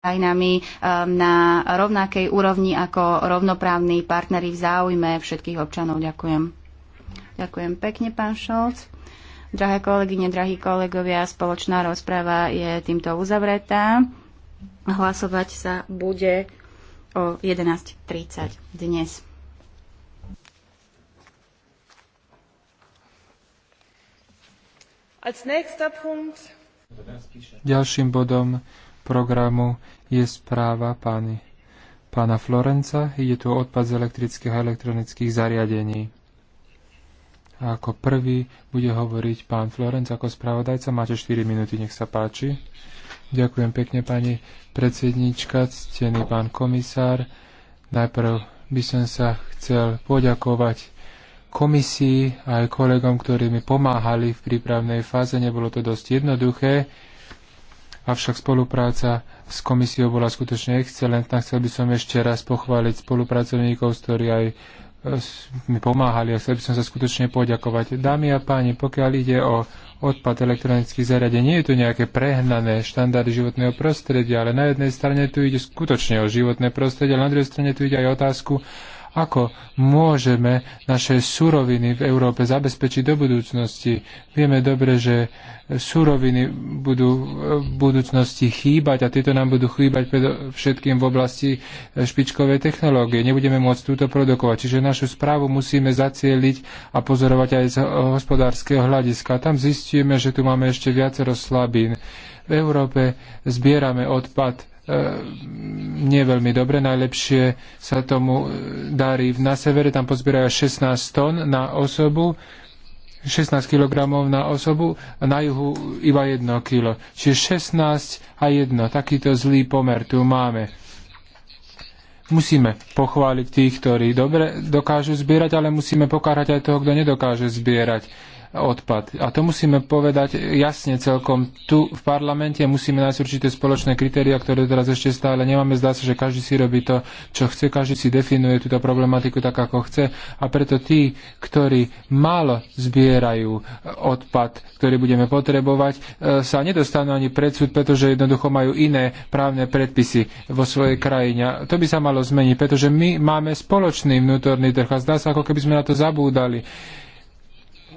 krajinami ehm, na rovnakej úrovni ako rovnoprávni partneri v záujme všetkých občanov. Ďakujem. Ďakujem pekne, pán Šolc. Drahé kolegyne, drahí kolegovia, spoločná rozprava je týmto uzavretá. Hlasovať sa bude o 11.30 dnes. Ďalším bodom programu je správa pány, pána Florenca. Ide tu odpad z elektrických a elektronických zariadení. A ako prvý bude hovoriť pán Florenc ako spravodajca. Máte 4 minúty, nech sa páči. Ďakujem pekne, pani predsednička, ctený pán komisár. Najprv by som sa chcel poďakovať komisii a aj kolegom, ktorí mi pomáhali v prípravnej fáze. Nebolo to dosť jednoduché avšak spolupráca s komisiou bola skutočne excelentná. Chcel by som ešte raz pochváliť spolupracovníkov, ktorí aj e, mi pomáhali a chcel by som sa skutočne poďakovať. Dámy a páni, pokiaľ ide o odpad elektronických zariadení, nie je to nejaké prehnané štandardy životného prostredia, ale na jednej strane tu ide skutočne o životné prostredie, ale na druhej strane tu ide aj otázku, ako môžeme naše suroviny v Európe zabezpečiť do budúcnosti. Vieme dobre, že suroviny budú v budúcnosti chýbať a tieto nám budú chýbať všetkým v oblasti špičkovej technológie. Nebudeme môcť túto produkovať. Čiže našu správu musíme zacieliť a pozorovať aj z hospodárskeho hľadiska. Tam zistíme, že tu máme ešte viacero slabín. V Európe zbierame odpad E, nie veľmi dobre. Najlepšie sa tomu e, darí na severe, tam pozbierajú 16 tón na osobu, 16 kg na osobu a na juhu iba 1 kg. Čiže 16 a 1, takýto zlý pomer tu máme. Musíme pochváliť tých, ktorí dobre dokážu zbierať, ale musíme pokárať aj toho, kto nedokáže zbierať odpad. A to musíme povedať jasne celkom. Tu v parlamente musíme nájsť určité spoločné kritéria, ktoré teraz ešte stále nemáme. Zdá sa, že každý si robí to, čo chce, každý si definuje túto problematiku tak, ako chce. A preto tí, ktorí málo zbierajú e, odpad, ktorý budeme potrebovať, e, sa nedostanú ani pred súd, pretože jednoducho majú iné právne predpisy vo svojej krajine. To by sa malo zmeniť, pretože my máme spoločný vnútorný trh a zdá sa, ako keby sme na to zabúdali.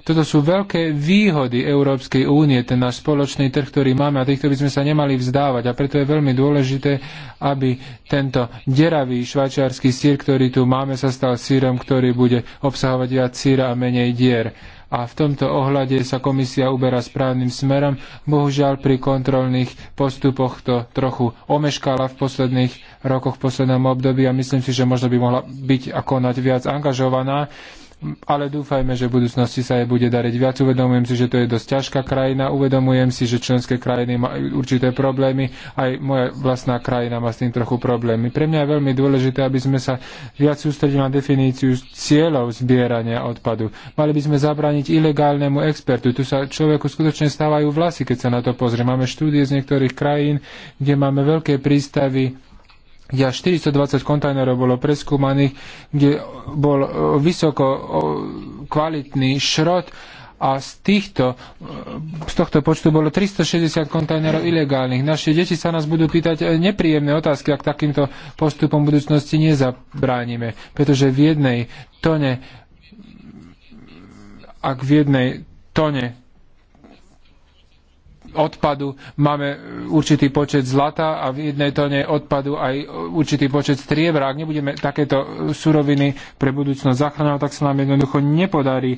Toto sú veľké výhody Európskej únie, ten náš spoločný trh, ktorý máme a týchto by sme sa nemali vzdávať. A preto je veľmi dôležité, aby tento deravý švajčiarsky sír, ktorý tu máme, sa stal sírom, ktorý bude obsahovať viac síra a menej dier a v tomto ohľade sa komisia uberá správnym smerom. Bohužiaľ pri kontrolných postupoch to trochu omeškala v posledných rokoch, v poslednom období a myslím si, že možno by mohla byť a konať viac angažovaná ale dúfajme, že v budúcnosti sa jej bude dariť viac. Uvedomujem si, že to je dosť ťažká krajina, uvedomujem si, že členské krajiny majú určité problémy, aj moja vlastná krajina má s tým trochu problémy. Pre mňa je veľmi dôležité, aby sme sa viac sústredili na definíciu cieľov zbierania odpadu. Mali by sme zabrániť ilegálnemu expertu. Tu sa človeku skutočne stávajú vlasy, keď sa na to pozrie. Máme štúdie z niektorých krajín, kde máme veľké prístavy kde až 420 kontajnerov bolo preskúmaných, kde bol e, vysoko kvalitný šrot a z, týchto, e, z tohto počtu bolo 360 kontajnerov ilegálnych. Naše deti sa nás budú pýtať e, nepríjemné otázky, ak takýmto postupom budúcnosti nezabránime, pretože v jednej tone ak v jednej tone odpadu máme e, určitý počet zlata a v jednej tóne odpadu aj e, určitý počet striebra. Ak nebudeme takéto e, suroviny pre budúcnosť zachraňovať, tak sa nám jednoducho nepodarí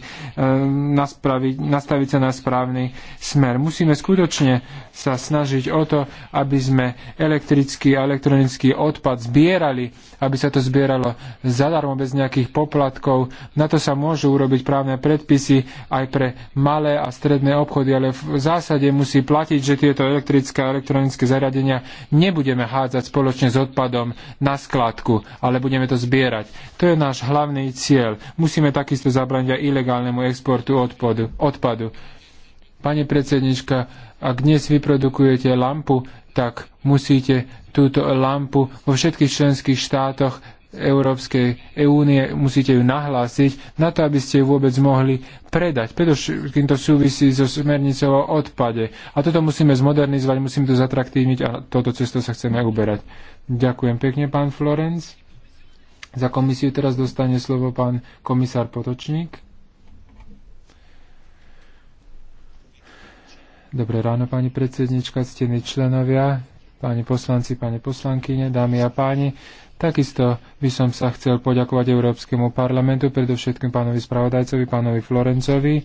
nastaviť sa na správny smer. Musíme skutočne sa snažiť o to, aby sme elektrický a elektronický odpad zbierali aby sa to zbieralo zadarmo bez nejakých poplatkov. Na to sa môžu urobiť právne predpisy aj pre malé a stredné obchody, ale v zásade musí platiť, že tieto elektrické a elektronické zariadenia nebudeme hádzať spoločne s odpadom na skladku, ale budeme to zbierať. To je náš hlavný cieľ. Musíme takisto zabrániť aj ilegálnemu exportu odpadu. Pani predsednička, ak dnes vyprodukujete lampu, tak musíte túto lampu vo všetkých členských štátoch Európskej únie, musíte ju nahlásiť na to, aby ste ju vôbec mohli predať. pretože to súvisí so smernicou o odpade. A toto musíme zmodernizovať, musíme to zatraktívniť a toto cesto sa chceme uberať. Ďakujem pekne, pán Florenc. Za komisiu teraz dostane slovo pán komisár Potočník. Dobré ráno, pani predsednička, ctení členovia, páni poslanci, pani poslankyne, dámy a páni. Takisto by som sa chcel poďakovať Európskemu parlamentu, predovšetkým pánovi spravodajcovi, pánovi Florencovi,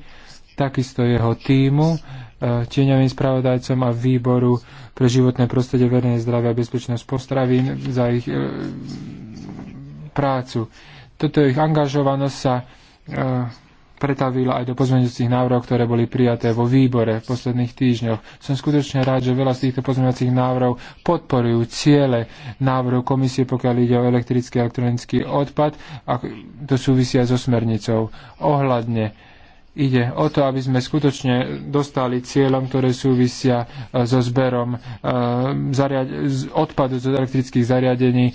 takisto jeho týmu, e, tieňovým spravodajcom a výboru pre životné prostredie, verejné zdravie a bezpečnosť postravín za ich e, prácu. Toto ich angažovanosť sa e, pretavila aj do pozmeňujúcich návrhov, ktoré boli prijaté vo výbore v posledných týždňoch. Som skutočne rád, že veľa z týchto pozmeňujúcich návrhov podporujú ciele návrhu komisie, pokiaľ ide o elektrický a elektronický odpad a to súvisia so smernicou. Ohľadne ide o to, aby sme skutočne dostali cieľom, ktoré súvisia e, so zberom e, odpadu z elektrických zariadení e,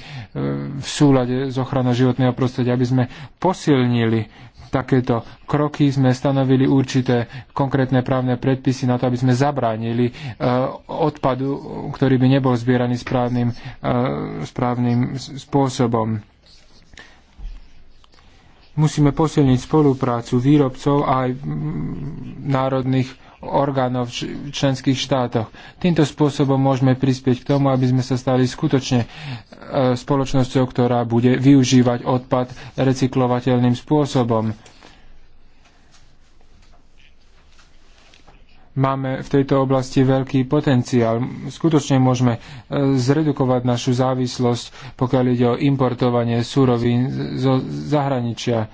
v súlade s ochranou životného prostredia, aby sme posilnili takéto kroky sme stanovili určité konkrétne právne predpisy na to, aby sme zabránili eh, odpadu, ktorý by nebol zbieraný správnym, eh, správnym spôsobom. Musíme posilniť spoluprácu výrobcov a aj národných orgánov v členských štátoch. Týmto spôsobom môžeme prispieť k tomu, aby sme sa stali skutočne e, spoločnosťou, ktorá bude využívať odpad recyklovateľným spôsobom. máme v tejto oblasti veľký potenciál. Skutočne môžeme e, zredukovať našu závislosť, pokiaľ ide o importovanie súrovín zo zahraničia.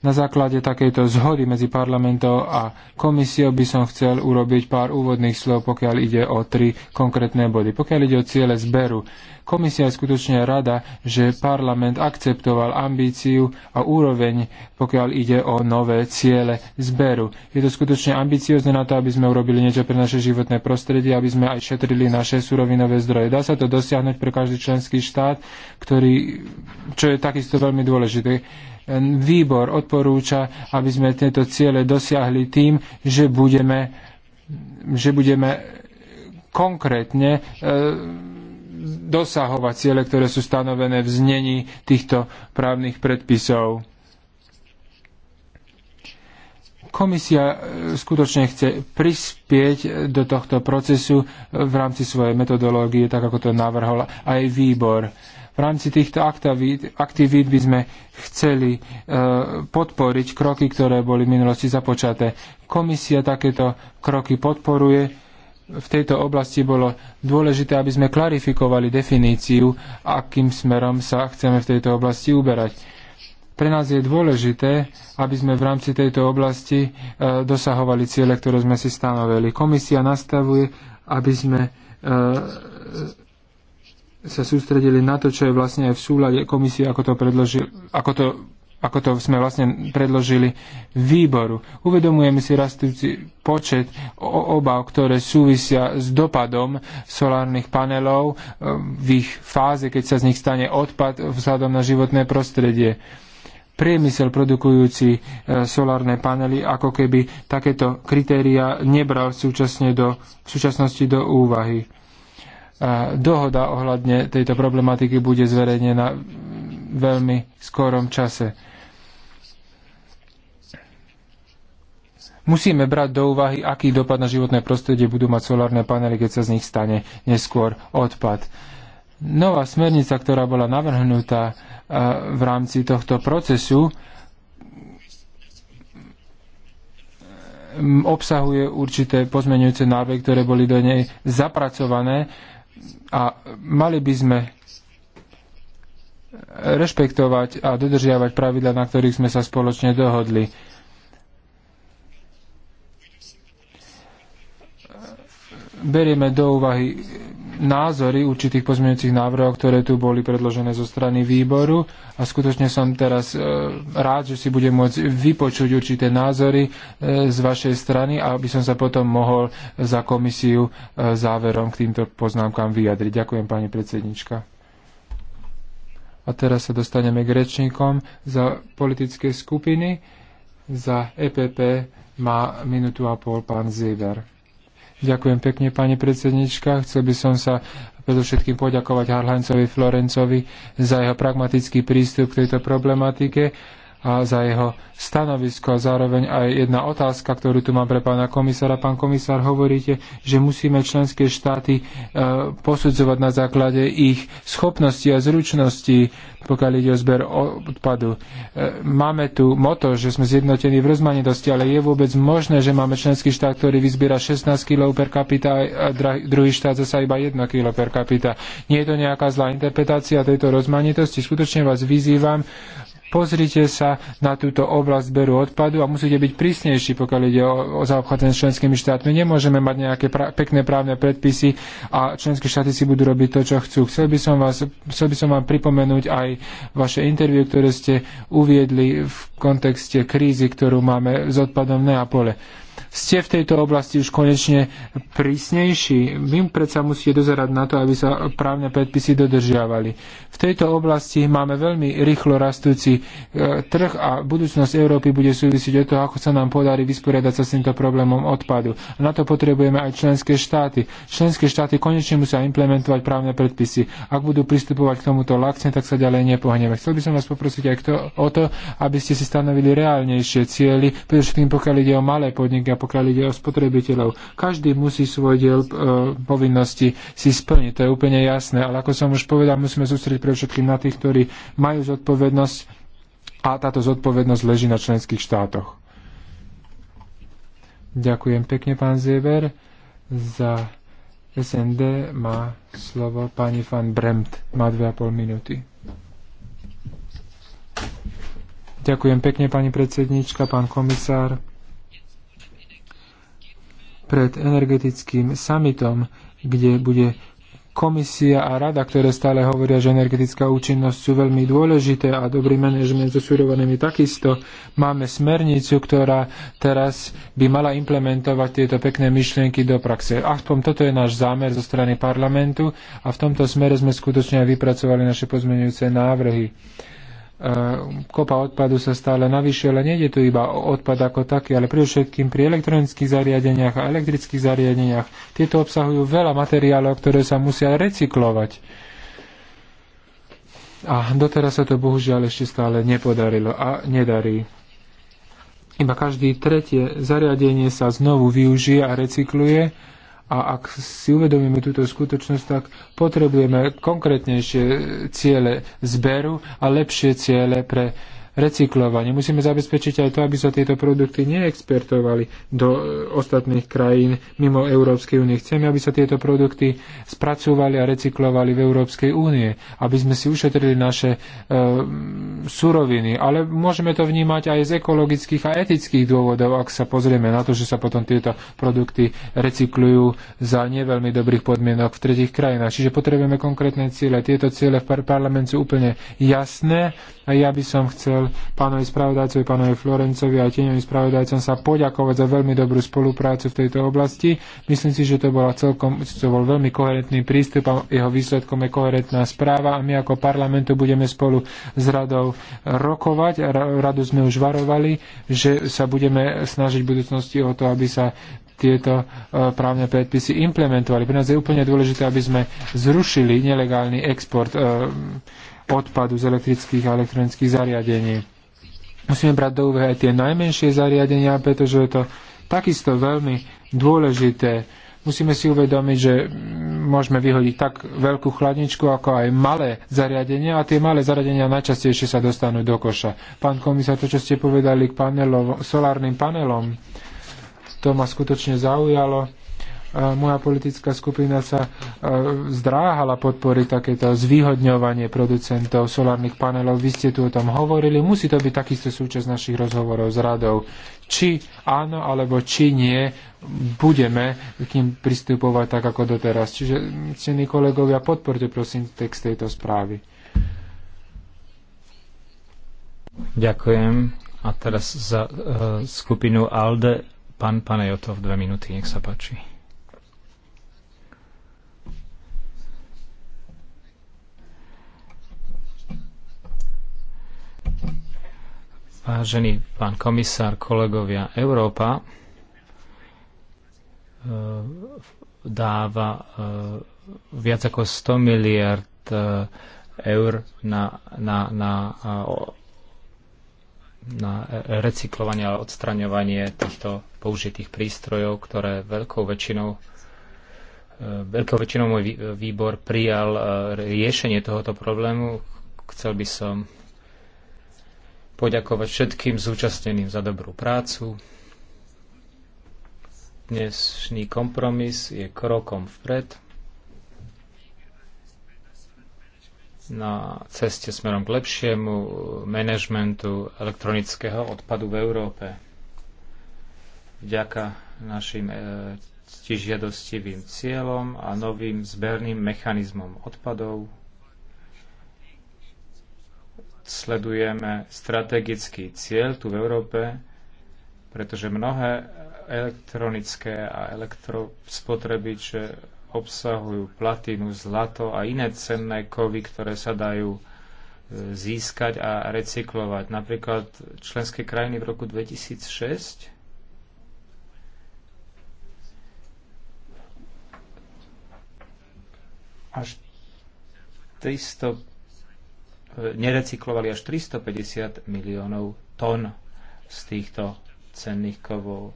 Na základe takejto zhody medzi parlamentom a komisiou by som chcel urobiť pár úvodných slov, pokiaľ ide o tri konkrétne body. Pokiaľ ide o ciele zberu, komisia je skutočne rada, že parlament akceptoval ambíciu a úroveň, pokiaľ ide o nové ciele zberu. Je to skutočne ambiciozne na to, aby sme urobili niečo pre naše životné prostredie, aby sme aj šetrili naše surovinové zdroje. Dá sa to dosiahnuť pre každý členský štát, ktorý, čo je takisto veľmi dôležité výbor odporúča, aby sme tieto ciele dosiahli tým, že budeme, že budeme konkrétne e, dosahovať ciele, ktoré sú stanovené v znení týchto právnych predpisov komisia e, skutočne chce prispieť do tohto procesu e, v rámci svojej metodológie, tak ako to navrhol aj výbor rámci týchto aktivít, aktivít by sme chceli e, podporiť kroky, ktoré boli v minulosti započaté. Komisia takéto kroky podporuje. V tejto oblasti bolo dôležité, aby sme klarifikovali definíciu, akým smerom sa chceme v tejto oblasti uberať. Pre nás je dôležité, aby sme v rámci tejto oblasti e, dosahovali ciele, ktoré sme si stanovili. Komisia nastavuje, aby sme e, sa sústredili na to, čo je vlastne aj v súlade komisie, ako to, predložil, ako to, ako to sme vlastne predložili výboru. Uvedomujeme si rastúci počet obav, ktoré súvisia s dopadom solárnych panelov e, v ich fáze, keď sa z nich stane odpad vzhľadom na životné prostredie priemysel produkujúci e, solárne panely ako keby takéto kritéria nebral súčasne do, v súčasnosti do úvahy dohoda ohľadne tejto problematiky bude zverejnená veľmi skorom čase. Musíme brať do úvahy, aký dopad na životné prostredie budú mať solárne panely, keď sa z nich stane neskôr odpad. Nová smernica, ktorá bola navrhnutá e, v rámci tohto procesu, obsahuje určité pozmeňujúce návrhy, ktoré boli do nej zapracované a mali by sme rešpektovať a dodržiavať pravidla, na ktorých sme sa spoločne dohodli. Berieme do úvahy názory určitých pozmeňujúcich návrhov, ktoré tu boli predložené zo strany výboru a skutočne som teraz e, rád, že si budem môcť vypočuť určité názory e, z vašej strany a aby som sa potom mohol za komisiu e, záverom k týmto poznámkam vyjadriť. Ďakujem, pani predsednička. A teraz sa dostaneme k rečníkom za politické skupiny. Za EPP má minútu a pol pán Ziver. Ďakujem pekne, pani predsednička. Chcel by som sa predovšetkým poďakovať Harlancovi Florencovi za jeho pragmatický prístup k tejto problematike a za jeho stanovisko. A zároveň aj jedna otázka, ktorú tu mám pre pána komisára. Pán komisár, hovoríte, že musíme členské štáty e, posudzovať na základe ich schopnosti a zručnosti, pokiaľ ide o zber odpadu. E, máme tu moto, že sme zjednotení v rozmanitosti, ale je vôbec možné, že máme členský štát, ktorý vyzbiera 16 kg per capita a druhý štát zasa iba 1 kg per capita. Nie je to nejaká zlá interpretácia tejto rozmanitosti. Skutočne vás vyzývam, Pozrite sa na túto oblasť zberu odpadu a musíte byť prísnejší, pokiaľ ide o, o zaobchádzanie s členskými štátmi. Nemôžeme mať nejaké pra- pekné právne predpisy a členské štáty si budú robiť to, čo chcú. Chcel by som, vás, chcel by som vám pripomenúť aj vaše interview, ktoré ste uviedli v kontexte krízy, ktorú máme s odpadom v Neapole ste v tejto oblasti už konečne prísnejší. Vy predsa musíte dozerať na to, aby sa právne predpisy dodržiavali. V tejto oblasti máme veľmi rýchlo rastúci e, trh a budúcnosť Európy bude súvisieť o to, ako sa nám podarí vysporiadať sa s týmto problémom odpadu. A na to potrebujeme aj členské štáty. Členské štáty konečne musia implementovať právne predpisy. Ak budú pristupovať k tomuto lakne, tak sa ďalej nepohneme. Chcel by som vás poprosiť aj o to, aby ste si stanovili reálnejšie cieľy, predovšetkým pokiaľ ide o malé podniky a pokiaľ ide o spotrebiteľov. Každý musí svoj diel e, povinnosti si splniť, to je úplne jasné, ale ako som už povedal, musíme sústrediť pre všetkým na tých, ktorí majú zodpovednosť a táto zodpovednosť leží na členských štátoch. Ďakujem pekne, pán Zeber. Za SND má slovo pani van Bremt. Má 2,5 minúty. Ďakujem pekne, pani predsednička, pán komisár pred energetickým summitom, kde bude komisia a rada, ktoré stále hovoria, že energetická účinnosť sú veľmi dôležité a dobrý manažment so surovanými takisto. Máme smernicu, ktorá teraz by mala implementovať tieto pekné myšlienky do praxe. Aspoň toto je náš zámer zo strany parlamentu a v tomto smere sme skutočne aj vypracovali naše pozmenujúce návrhy. E, kopa odpadu sa stále navyšuje, ale nejde tu iba o odpad ako taký, ale predovšetkým pri elektronických zariadeniach a elektrických zariadeniach. Tieto obsahujú veľa materiálov, ktoré sa musia recyklovať. A doteraz sa to bohužiaľ ešte stále nepodarilo a nedarí. Iba každý tretie zariadenie sa znovu využije a recykluje a ak si uvedomíme túto skutočnosť, tak potrebujeme konkrétnejšie ciele zberu a lepšie ciele pre recyklovanie. Musíme zabezpečiť aj to, aby sa tieto produkty neexpertovali do e, ostatných krajín mimo Európskej únie. Chceme, aby sa tieto produkty spracúvali a recyklovali v Európskej únie, aby sme si ušetrili naše e, suroviny. Ale môžeme to vnímať aj z ekologických a etických dôvodov, ak sa pozrieme na to, že sa potom tieto produkty recyklujú za neveľmi dobrých podmienok v tretich krajinách. Čiže potrebujeme konkrétne ciele. Tieto ciele v par- parlamentu sú úplne jasné a ja by som chcel pánovi spravodajcovi, pánovi Florencovi a tieňovým spravodajcom sa poďakovať za veľmi dobrú spoluprácu v tejto oblasti. Myslím si, že to, bola celkom, to bol veľmi koherentný prístup a jeho výsledkom je koherentná správa a my ako parlamentu budeme spolu s radou rokovať. Radu sme už varovali, že sa budeme snažiť v budúcnosti o to, aby sa tieto e, právne predpisy implementovali. Pre nás je úplne dôležité, aby sme zrušili nelegálny export e, odpadu z elektrických a elektronických zariadení. Musíme brať do úvahy aj tie najmenšie zariadenia, pretože je to takisto veľmi dôležité. Musíme si uvedomiť, že môžeme vyhodiť tak veľkú chladničku, ako aj malé zariadenia a tie malé zariadenia najčastejšie sa dostanú do koša. Pán komisár, to, čo ste povedali k panelov, solárnym panelom, to ma skutočne zaujalo moja politická skupina sa e, zdráhala podporiť takéto zvýhodňovanie producentov solárnych panelov. Vy ste tu o tom hovorili. Musí to byť takisto súčasť našich rozhovorov s radou. Či áno, alebo či nie, budeme k ním pristupovať tak, ako doteraz. Čiže, cení kolegovia, podporte prosím text tejto správy. Ďakujem. A teraz za uh, skupinu ALDE pán Panejotov dve minúty, nech sa páči. Vážený pán komisár, kolegovia, Európa e, dáva e, viac ako 100 miliard e, eur na, na, na, na recyklovanie a odstraňovanie týchto použitých prístrojov, ktoré veľkou väčšinou veľkou väčšinou môj výbor prijal riešenie tohoto problému. Chcel by som poďakovať všetkým zúčastneným za dobrú prácu. Dnešný kompromis je krokom vpred na ceste smerom k lepšiemu manažmentu elektronického odpadu v Európe. Vďaka našim e, ctižiadostivým cieľom a novým zberným mechanizmom odpadov sledujeme strategický cieľ tu v Európe, pretože mnohé elektronické a elektrospotrebiče obsahujú platinu, zlato a iné cenné kovy, ktoré sa dajú e, získať a recyklovať. Napríklad členské krajiny v roku 2006 až nerecyklovali až 350 miliónov tón z týchto cenných kovov.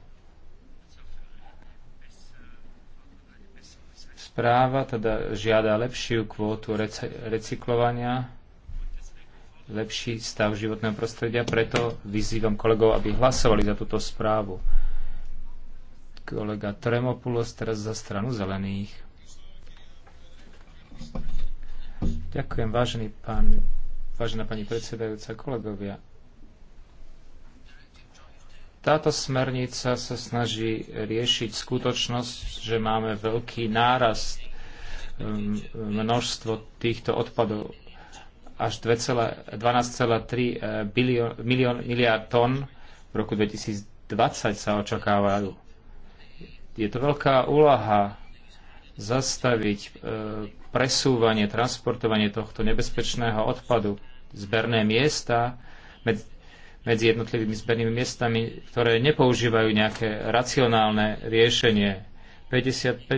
Správa teda žiada lepšiu kvótu recyklovania, lepší stav životného prostredia, preto vyzývam kolegov, aby hlasovali za túto správu. Kolega Tremopulos teraz za stranu zelených. Ďakujem, vážený pán Vážená pani predsedajúca, kolegovia, táto smernica sa snaží riešiť skutočnosť, že máme veľký nárast um, množstvo týchto odpadov až 12,3 eh, miliard tón v roku 2020 sa očakávajú. Je to veľká úlaha zastaviť e, presúvanie, transportovanie tohto nebezpečného odpadu, zberné miesta medzi jednotlivými zbernými miestami, ktoré nepoužívajú nejaké racionálne riešenie. 55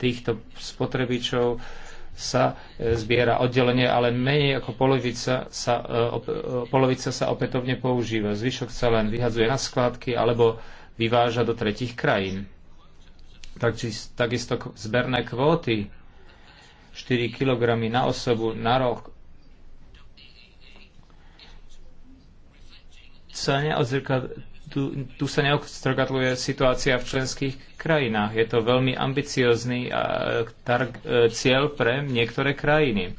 týchto spotrebičov sa e, zbiera oddelenie, ale menej ako polovica sa, e, polovica sa opätovne používa. Zvyšok sa len vyhadzuje na skládky alebo vyváža do tretich krajín takisto zberné kvóty 4 kg na osobu na rok sa tu, tu sa neodzrkadluje situácia v členských krajinách. Je to veľmi ambiciozný e, cieľ pre niektoré krajiny.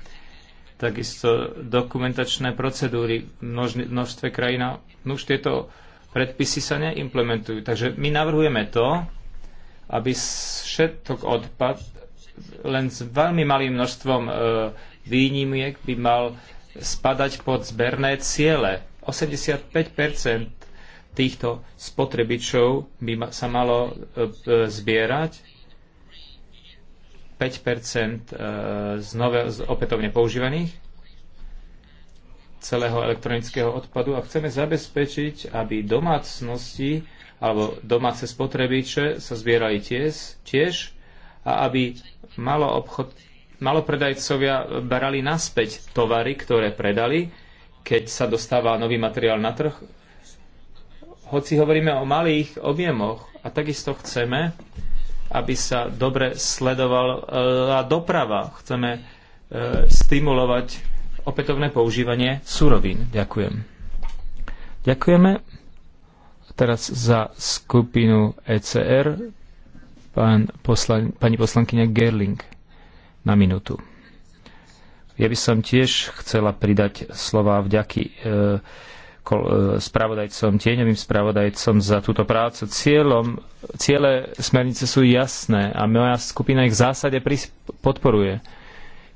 Takisto dokumentačné procedúry množstve krajín, no už tieto predpisy sa neimplementujú. Takže my navrhujeme to, aby všetok odpad len s veľmi malým množstvom e, výnimiek by mal spadať pod zberné ciele. 85 týchto spotrebičov by sa malo e, e, zbierať, 5 z, nové, z opätovne používaných celého elektronického odpadu a chceme zabezpečiť, aby domácnosti alebo domáce spotrebiče sa zbierali tiež, tiež a aby malo obchod, malopredajcovia brali naspäť tovary, ktoré predali, keď sa dostáva nový materiál na trh. Hoci hovoríme o malých objemoch a takisto chceme, aby sa dobre sledovala doprava. Chceme e, stimulovať opätovné používanie surovín. Ďakujem. Ďakujeme. Teraz za skupinu ECR pán poslan- pani poslankyňa Gerling na minútu. Ja by som tiež chcela pridať slova vďaky e, kol, e, spravodajcom, tieňovým spravodajcom za túto prácu. Cieľom, ciele smernice sú jasné a moja skupina ich v zásade podporuje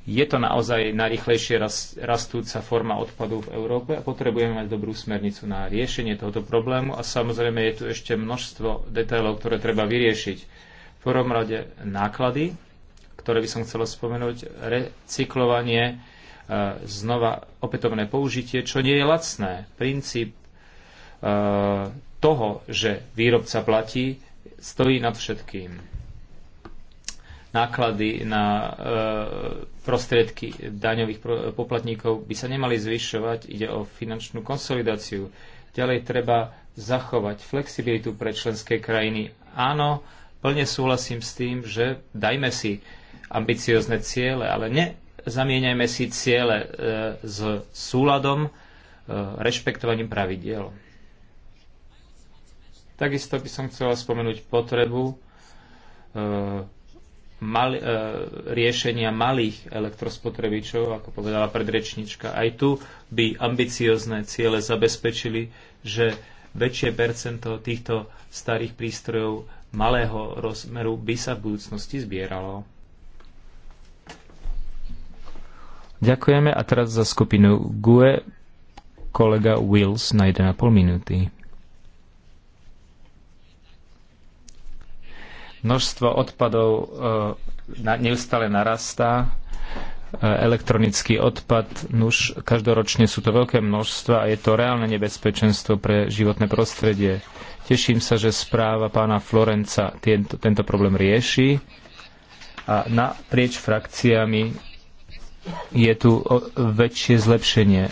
je to naozaj najrychlejšie rastúca forma odpadu v Európe a potrebujeme mať dobrú smernicu na riešenie tohoto problému a samozrejme je tu ešte množstvo detailov, ktoré treba vyriešiť. V prvom rade náklady, ktoré by som chcela spomenúť, recyklovanie, e, znova opätovné použitie, čo nie je lacné. Princíp e, toho, že výrobca platí, stojí nad všetkým náklady na e, prostriedky daňových e, poplatníkov by sa nemali zvyšovať. Ide o finančnú konsolidáciu. Ďalej treba zachovať flexibilitu pre členské krajiny. Áno, plne súhlasím s tým, že dajme si ambiciozne ciele, ale nezamieňajme si ciele e, s súladom, rešpektovaním pravidiel. Takisto by som chcela spomenúť potrebu mal, e, riešenia malých elektrospotrebičov, ako povedala predrečnička. Aj tu by ambiciozne ciele zabezpečili, že väčšie percento týchto starých prístrojov malého rozmeru by sa v budúcnosti zbieralo. Ďakujeme a teraz za skupinu GUE kolega Wills na 1,5 minúty. Množstvo odpadov e, neustále narastá. E, elektronický odpad, nuž, každoročne sú to veľké množstva a je to reálne nebezpečenstvo pre životné prostredie. Teším sa, že správa pána Florenca tento, tento problém rieši a naprieč frakciami je tu väčšie zlepšenie.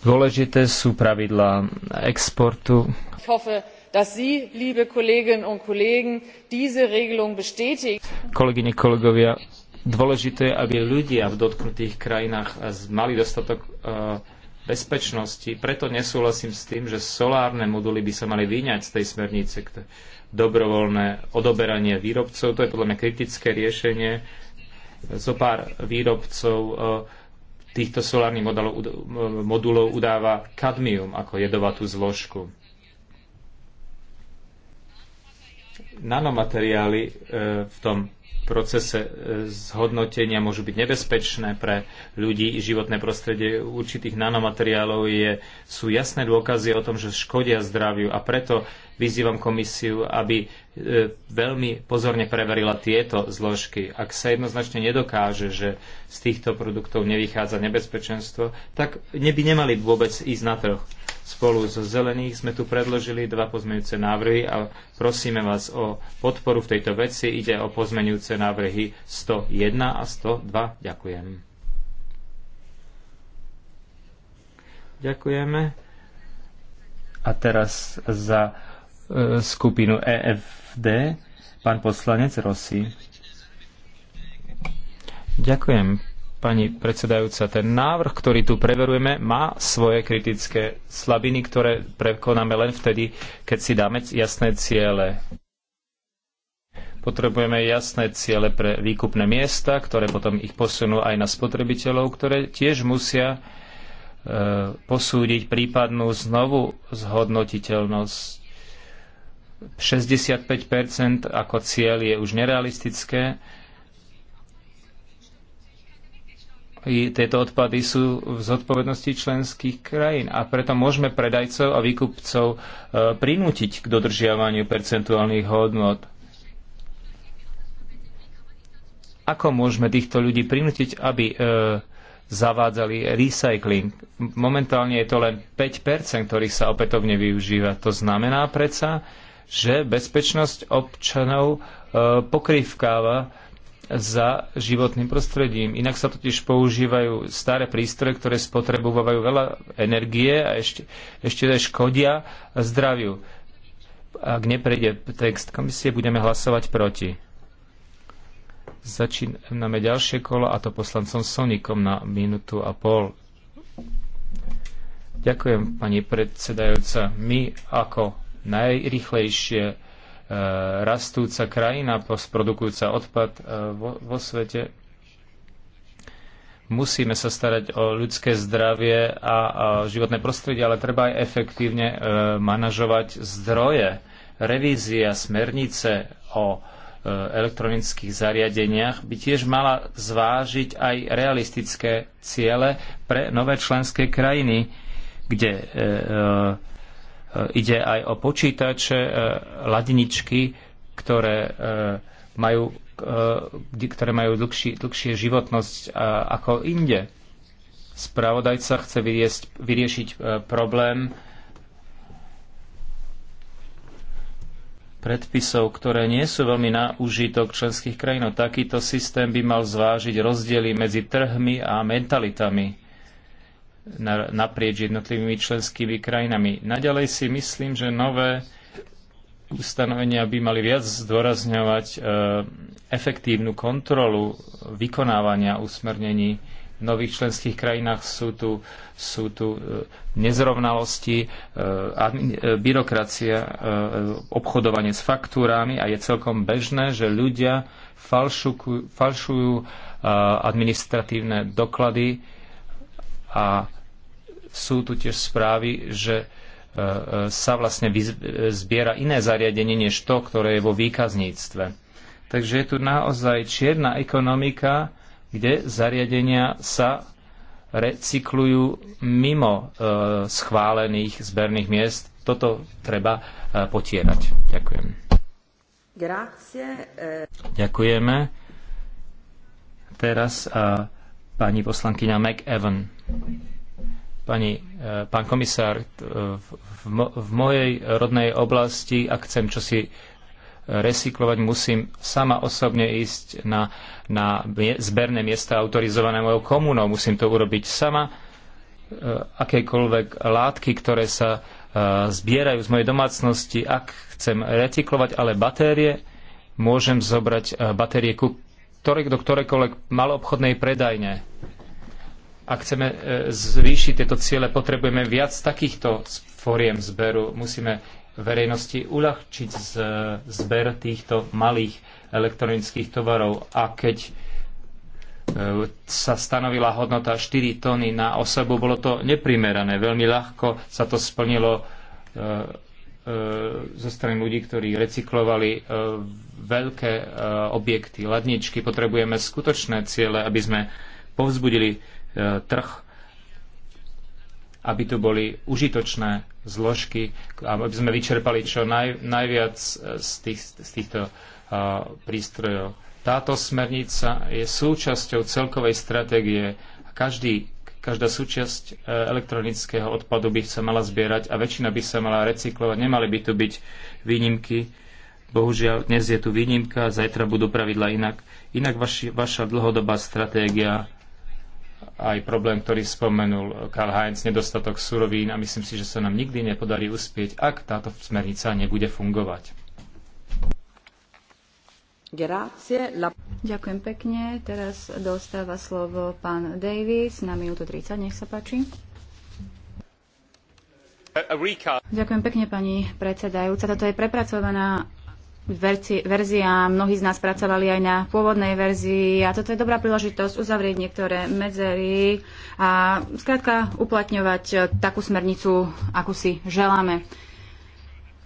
Dôležité sú pravidlá exportu. Ich hoffe, dass Sie, liebe Kolleginnen und Kollegen, diese Regelung bestätigen. Kolegyne, kolegovia, dôležité, aby ľudia v dotknutých krajinách eh, mali dostatok eh, bezpečnosti. Preto nesúhlasím s tým, že solárne moduly by sa mali vyňať z tej smernice. Dobrovoľné odoberanie výrobcov, to je podľa mňa kritické riešenie. Zo pár výrobcov eh, týchto solárnych modulov, modulov udáva kadmium ako jedovatú zložku nanomateriály e, v tom procese e, zhodnotenia môžu byť nebezpečné pre ľudí i životné prostredie určitých nanomateriálov je, sú jasné dôkazy o tom, že škodia zdraviu a preto Vyzývam komisiu, aby e, veľmi pozorne preverila tieto zložky. Ak sa jednoznačne nedokáže, že z týchto produktov nevychádza nebezpečenstvo, tak by nemali vôbec ísť na trh. Spolu so Zelených sme tu predložili dva pozmeňujúce návrhy a prosíme vás o podporu v tejto veci. Ide o pozmeňujúce návrhy 101 a 102. Ďakujem. Ďakujeme. A teraz za skupinu EFD, pán poslanec Rossi. Ďakujem, pani predsedajúca. Ten návrh, ktorý tu preverujeme, má svoje kritické slabiny, ktoré prekonáme len vtedy, keď si dáme jasné ciele. Potrebujeme jasné ciele pre výkupné miesta, ktoré potom ich posunú aj na spotrebiteľov, ktoré tiež musia e, posúdiť prípadnú znovu zhodnotiteľnosť 65 ako cieľ je už nerealistické. I tieto odpady sú v zodpovednosti členských krajín a preto môžeme predajcov a výkupcov e, prinútiť k dodržiavaniu percentuálnych hodnot. Ako môžeme týchto ľudí prinútiť, aby e, zavádzali recycling. Momentálne je to len 5%, ktorých sa opätovne využíva. To znamená predsa, že bezpečnosť občanov e, pokrývkáva za životným prostredím. Inak sa totiž používajú staré prístroje, ktoré spotrebovajú veľa energie a ešte, ešte aj škodia zdraviu. Ak neprejde text komisie, budeme hlasovať proti. Začíname ďalšie kolo a to poslancom Sonikom na minútu a pol. Ďakujem, pani predsedajúca. My ako najrychlejšie e, rastúca krajina, produkujúca odpad e, vo, vo svete. Musíme sa starať o ľudské zdravie a, a životné prostredie, ale treba aj efektívne e, manažovať zdroje. Revízia smernice o e, elektronických zariadeniach by tiež mala zvážiť aj realistické ciele pre nové členské krajiny, kde e, e, E, ide aj o počítače, e, ladiničky, ktoré e, majú, ktoré majú dlhší, dlhšie životnosť ako inde. Spravodajca chce vyriesť, vyriešiť problém predpisov, ktoré nie sú veľmi na užitok členských krajín. No, takýto systém by mal zvážiť rozdiely medzi trhmi a mentalitami naprieč jednotlivými členskými krajinami. Naďalej si myslím, že nové ustanovenia by mali viac zdôrazňovať e, efektívnu kontrolu vykonávania usmernení v nových členských krajinách sú tu, sú tu e, nezrovnalosti, e, byrokracia, obchodovanie s faktúrami a je celkom bežné, že ľudia falšujú, falšujú administratívne doklady a sú tu tiež správy, že e, e, sa vlastne e, zbiera iné zariadenie než to, ktoré je vo výkazníctve. Takže je tu naozaj čierna ekonomika, kde zariadenia sa recyklujú mimo schválených zberných miest. Toto treba potierať. Ďakujem. Grazie. Ďakujeme. Teraz pani poslankyňa McAvan. Pani, eh, pán komisár, eh, v, v mojej rodnej oblasti, ak chcem čosi eh, recyklovať, musím sama osobne ísť na, na zberné miesta autorizované mojou komunou. Musím to urobiť sama. Akékoľvek látky, ktoré sa zbierajú z mojej domácnosti, ak chcem recyklovať ale batérie, môžem zobrať batérie ku do ktorejkoľvek maloobchodnej predajne. Ak chceme e, zvýšiť tieto ciele, potrebujeme viac takýchto foriem zberu. Musíme verejnosti uľahčiť zber týchto malých elektronických tovarov. A keď e, sa stanovila hodnota 4 tony na osobu, bolo to neprimerané. Veľmi ľahko sa to splnilo e, E, zo strany ľudí, ktorí recyklovali e, veľké e, objekty, ladničky. Potrebujeme skutočné ciele, aby sme povzbudili trh, aby tu boli užitočné zložky, aby sme vyčerpali čo naj, najviac z, tých, z týchto prístrojov. Táto smernica je súčasťou celkovej stratégie. Každý Každá súčasť e, elektronického odpadu by sa mala zbierať a väčšina by sa mala recyklovať. Nemali by tu byť výnimky. Bohužiaľ, dnes je tu výnimka, zajtra budú pravidla inak. Inak vaši, vaša dlhodobá stratégia aj problém, ktorý spomenul Karl Heinz, nedostatok surovín a myslím si, že sa nám nikdy nepodarí uspieť, ak táto smernica nebude fungovať. Ďakujem pekne. Teraz dostáva slovo pán Davis na minútu 30. Nech sa páči. Ďakujem pekne, pani predsedajúca. Toto je prepracovaná verzi- verzia. Mnohí z nás pracovali aj na pôvodnej verzii a toto je dobrá príležitosť uzavrieť niektoré medzery a skrátka uplatňovať takú smernicu, akú si želáme.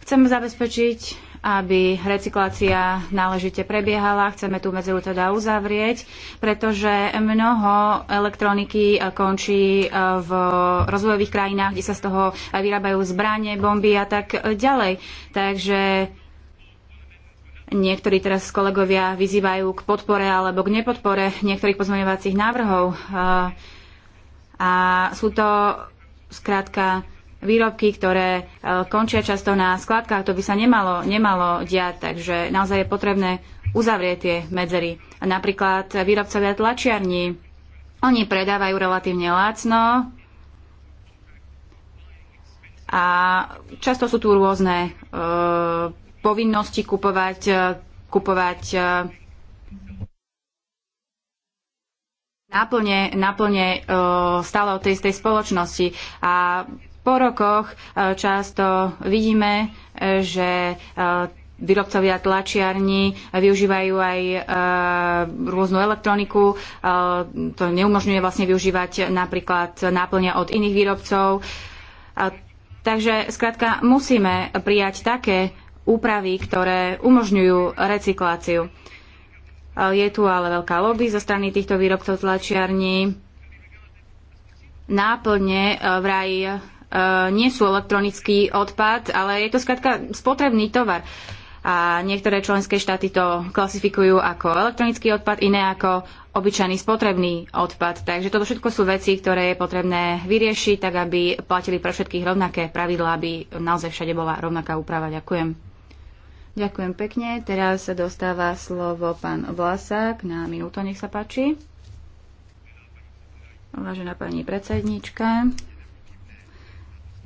Chceme zabezpečiť, aby recyklácia náležite prebiehala. Chceme tú medzeru teda uzavrieť, pretože mnoho elektroniky končí eh, v rozvojových krajinách, kde sa z toho vyrábajú zbranie, bomby a tak ďalej. Takže Niektorí teraz kolegovia vyzývajú k podpore alebo k nepodpore niektorých pozmeňovacích návrhov. Eh, a sú to skrátka výrobky, ktoré e, končia často na skladkách. To by sa nemalo, nemalo diať, takže naozaj je potrebné uzavrieť tie medzery. Napríklad výrobcovia tlačiarní, oni predávajú relatívne lacno a často sú tu rôzne e, povinnosti kupovať, e, kupovať e, naplne, naplne e, stále od tej tej spoločnosti. A po rokoch e, často vidíme, e, že e, výrobcovia tlačiarní využívajú aj rôznu elektroniku. to neumožňuje vlastne využívať napríklad náplňa od iných výrobcov. takže skrátka musíme prijať také úpravy, ktoré umožňujú recykláciu. je tu ale veľká lobby zo strany týchto výrobcov tlačiarní. Náplne vraj E, nie sú elektronický odpad, ale je to skrátka spotrebný tovar. A niektoré členské štáty to klasifikujú ako elektronický odpad, iné ako obyčajný spotrebný odpad. Takže toto všetko sú veci, ktoré je potrebné vyriešiť, tak aby platili pre všetkých rovnaké pravidlá, aby naozaj všade bola rovnaká úprava. Ďakujem. Ďakujem pekne. Teraz sa dostáva slovo pán Vlasák na minútu, nech sa páči. Vážená pani predsednička,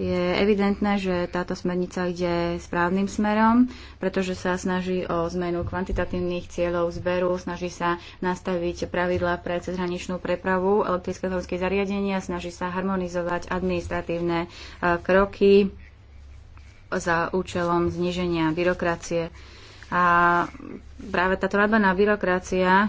je evidentné, že táto smernica ide správnym smerom, pretože sa snaží o zmenu kvantitatívnych cieľov zberu, snaží sa nastaviť pravidlá pre cezhraničnú prepravu elektrické elektrických zariadenia, snaží sa harmonizovať administratívne e, kroky za účelom zniženia byrokracie. A práve táto radbaná byrokracia e,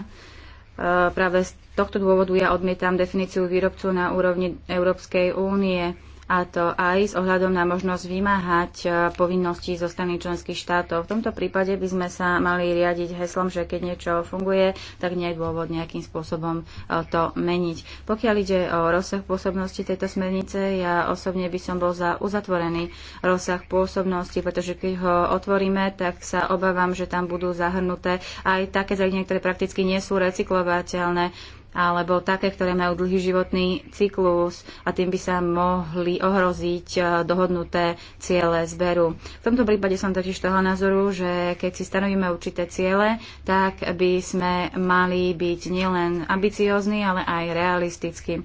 práve z tohto dôvodu ja odmietam definíciu výrobcu na úrovni Európskej únie a to aj s ohľadom na možnosť vymáhať e, povinnosti zo strany členských štátov. V tomto prípade by sme sa mali riadiť heslom, že keď niečo funguje, tak nie je dôvod nejakým spôsobom e, to meniť. Pokiaľ ide o rozsah pôsobnosti tejto smernice, ja osobne by som bol za uzatvorený rozsah pôsobnosti, pretože keď ho otvoríme, tak sa obávam, že tam budú zahrnuté aj také zariadenia, ktoré prakticky nie sú recyklovateľné alebo také, ktoré majú dlhý životný cyklus a tým by sa mohli ohroziť e, dohodnuté ciele zberu. V tomto prípade som totiž toho názoru, že keď si stanovíme určité ciele, tak by sme mali byť nielen ambiciózni, ale aj realistickí.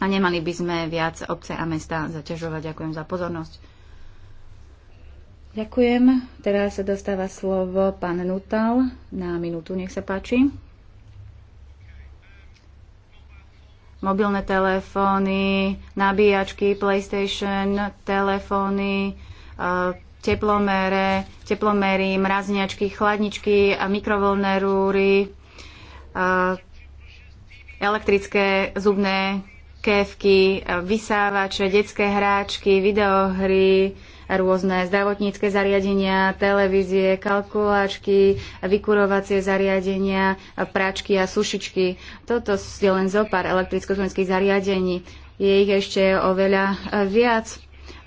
A nemali by sme viac obce a mesta zaťažovať. Ďakujem za pozornosť. Ďakujem. Teraz sa dostáva slovo pán Nutal na minútu, nech sa páči. mobilné telefóny, nabíjačky, PlayStation, telefóny, e, teplomere, teplomery, mrazniačky, chladničky a mikrovolné rúry, e, elektrické zubné kévky, e, vysávače, detské hráčky, videohry, rôzne zdravotnícke zariadenia, televízie, kalkulačky, vykurovacie zariadenia, práčky a sušičky. Toto je len zo pár zariadení. Je ich ešte oveľa eh, viac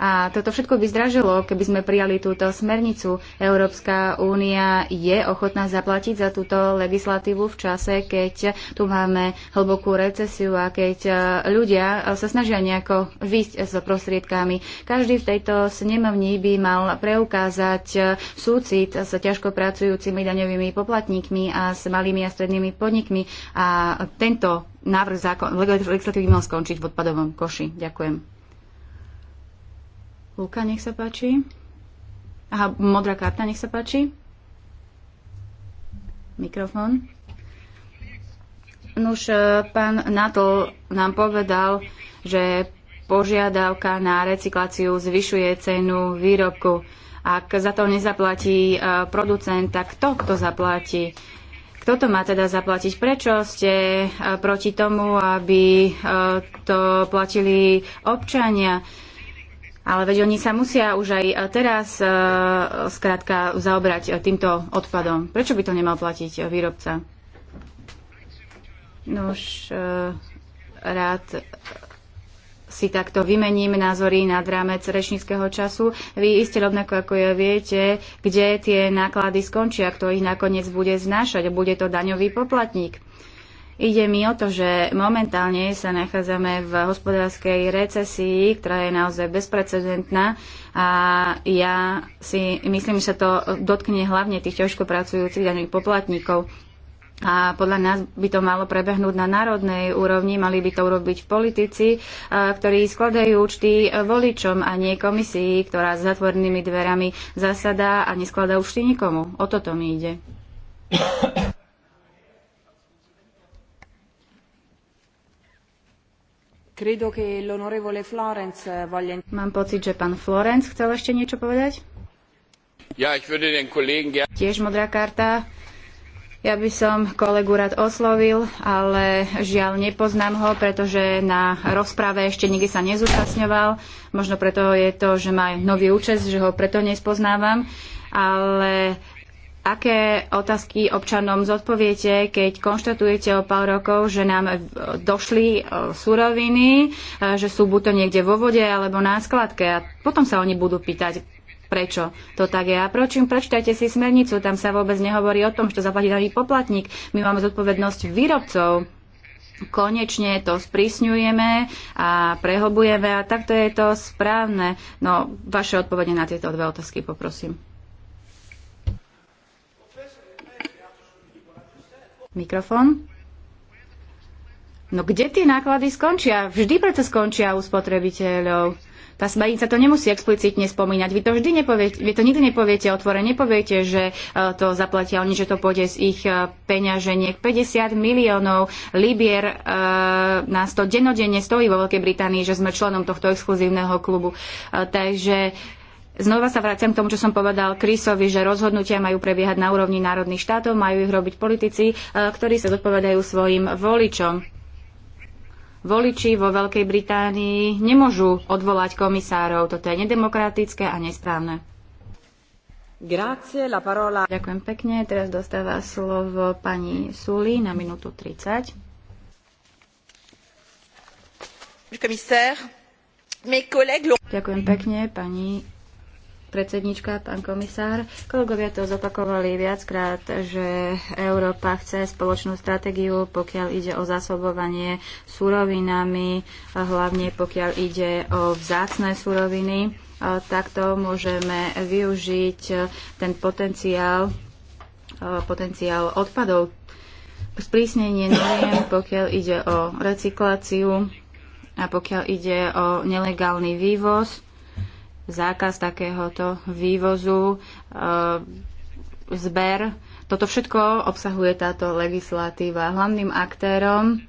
a toto všetko by zdražilo, keby sme prijali túto smernicu. Európska únia je ochotná zaplatiť za túto legislatívu v čase, keď tu máme hlbokú recesiu a keď e, ľudia e, sa snažia nejako výjsť s prostriedkami. Každý v tejto snemovni by mal preukázať e, súcit s ťažko pracujúcimi daňovými poplatníkmi a s malými a strednými podnikmi a tento návrh zákon, legislatívy mal skončiť v odpadovom koši. Ďakujem. Luka, nech sa páči. Aha, modrá karta, nech sa páči. Mikrofón. Nuž, e, pán Nato nám povedal, že požiadavka na recykláciu zvyšuje cenu výrobku. Ak za to nezaplatí e, producent, tak kto to zaplatí? Kto to má teda zaplatiť? Prečo ste e, proti tomu, aby to platili občania? Ale veď oni sa musia už aj teraz e, skrátka zaobrať e, týmto odpadom. Prečo by to nemal platiť e, výrobca? No už rád si takto vymením názory na rámec rečníckého času. Vy iste rovnako ako ja viete, kde tie náklady skončia, kto ich nakoniec bude znášať. Bude to daňový poplatník. Ide mi o to, že momentálne sa nachádzame v hospodárskej recesii, ktorá je naozaj bezprecedentná a ja si myslím, že sa to dotkne hlavne tých ťažko pracujúcich daných poplatníkov. A podľa nás by to malo prebehnúť na národnej úrovni, mali by to urobiť politici, ktorí skladajú účty voličom a nie komisii, ktorá s zatvorenými dverami zasadá a neskladá účty nikomu. O toto mi ide. Mám pocit, že pán Florence chcel ešte niečo povedať? Ja, ich würde den Kollegen gern... Tiež modrá karta. Ja by som kolegu rád oslovil, ale žiaľ nepoznám ho, pretože na rozprave ešte nikdy sa nezúčastňoval. Možno preto je to, že má nový účest, že ho preto nespoznávam. Ale Aké otázky občanom zodpoviete, keď konštatujete o pár rokov, že nám došli e, suroviny, e, že sú buď to niekde vo vode alebo na skladke a potom sa oni budú pýtať, prečo to tak je. A prečo, prečítajte si smernicu, tam sa vôbec nehovorí o tom, že to zaplatí daný poplatník. My máme zodpovednosť výrobcov, konečne to sprísňujeme a prehlbujeme a takto je to správne. No, vaše odpovede na tieto dve otázky poprosím. Mikrofón. No kde tie náklady skončia? Vždy preto skončia u spotrebiteľov. Tá smernica to nemusí explicitne spomínať. Vy to vždy nepoviete, vy to nikdy nepoviete otvorene, nepoviete, že e, to zaplatia oni, že to pôjde z ich e, peňaženiek. 50 miliónov libier e, na nás to dennodenne stojí vo Veľkej Británii, že sme členom tohto exkluzívneho klubu. takže Znova sa vraciam k tomu, čo som povedal Krisovi, že rozhodnutia majú prebiehať na úrovni národných štátov, majú ich robiť politici, e, ktorí sa zodpovedajú svojim voličom. Voliči vo Veľkej Británii nemôžu odvolať komisárov. Toto je nedemokratické a nesprávne. Grazie, la parola. Ďakujem pekne. Teraz dostáva slovo pani Suli na minútu 30. Ďakujem pekne, pani predsednička, pán komisár. Kolegovia to zopakovali viackrát, že Európa chce spoločnú stratégiu, pokiaľ ide o zásobovanie surovinami, hlavne pokiaľ ide o vzácne suroviny. Takto môžeme využiť ten potenciál, potenciál odpadov. Sprísnenie noriem, pokiaľ ide o recykláciu a pokiaľ ide o nelegálny vývoz zákaz takéhoto vývozu, e, zber. Toto všetko obsahuje táto legislatíva. Hlavným aktérom,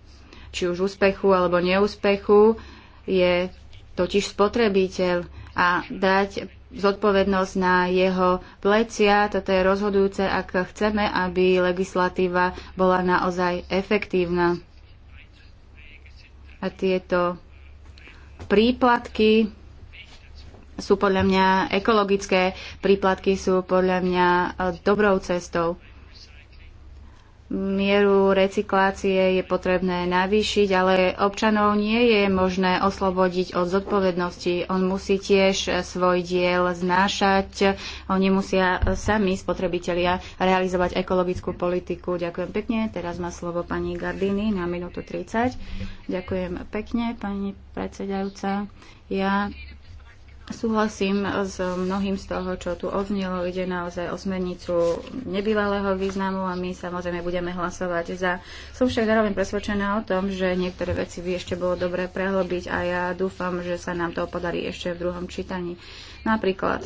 či už úspechu alebo neúspechu, je totiž spotrebiteľ a dať zodpovednosť na jeho plecia. Toto je rozhodujúce, ak chceme, aby legislatíva bola naozaj efektívna. A tieto príplatky sú podľa mňa ekologické, príplatky sú podľa mňa e, dobrou cestou. Mieru recyklácie je potrebné navýšiť, ale občanov nie je možné oslobodiť od zodpovednosti. On musí tiež e, svoj diel znášať. Oni musia e, sami, spotrebitelia, realizovať ekologickú politiku. Ďakujem pekne. Teraz má slovo pani Gardini na minútu 30. Ďakujem pekne, pani predsedajúca. Ja Súhlasím s mnohým z toho, čo tu odznelo. Ide naozaj o smernicu nebývalého významu a my samozrejme budeme hlasovať za. Som však zároveň presvedčená o tom, že niektoré veci by ešte bolo dobré prehlbiť a ja dúfam, že sa nám to podarí ešte v druhom čítaní. Napríklad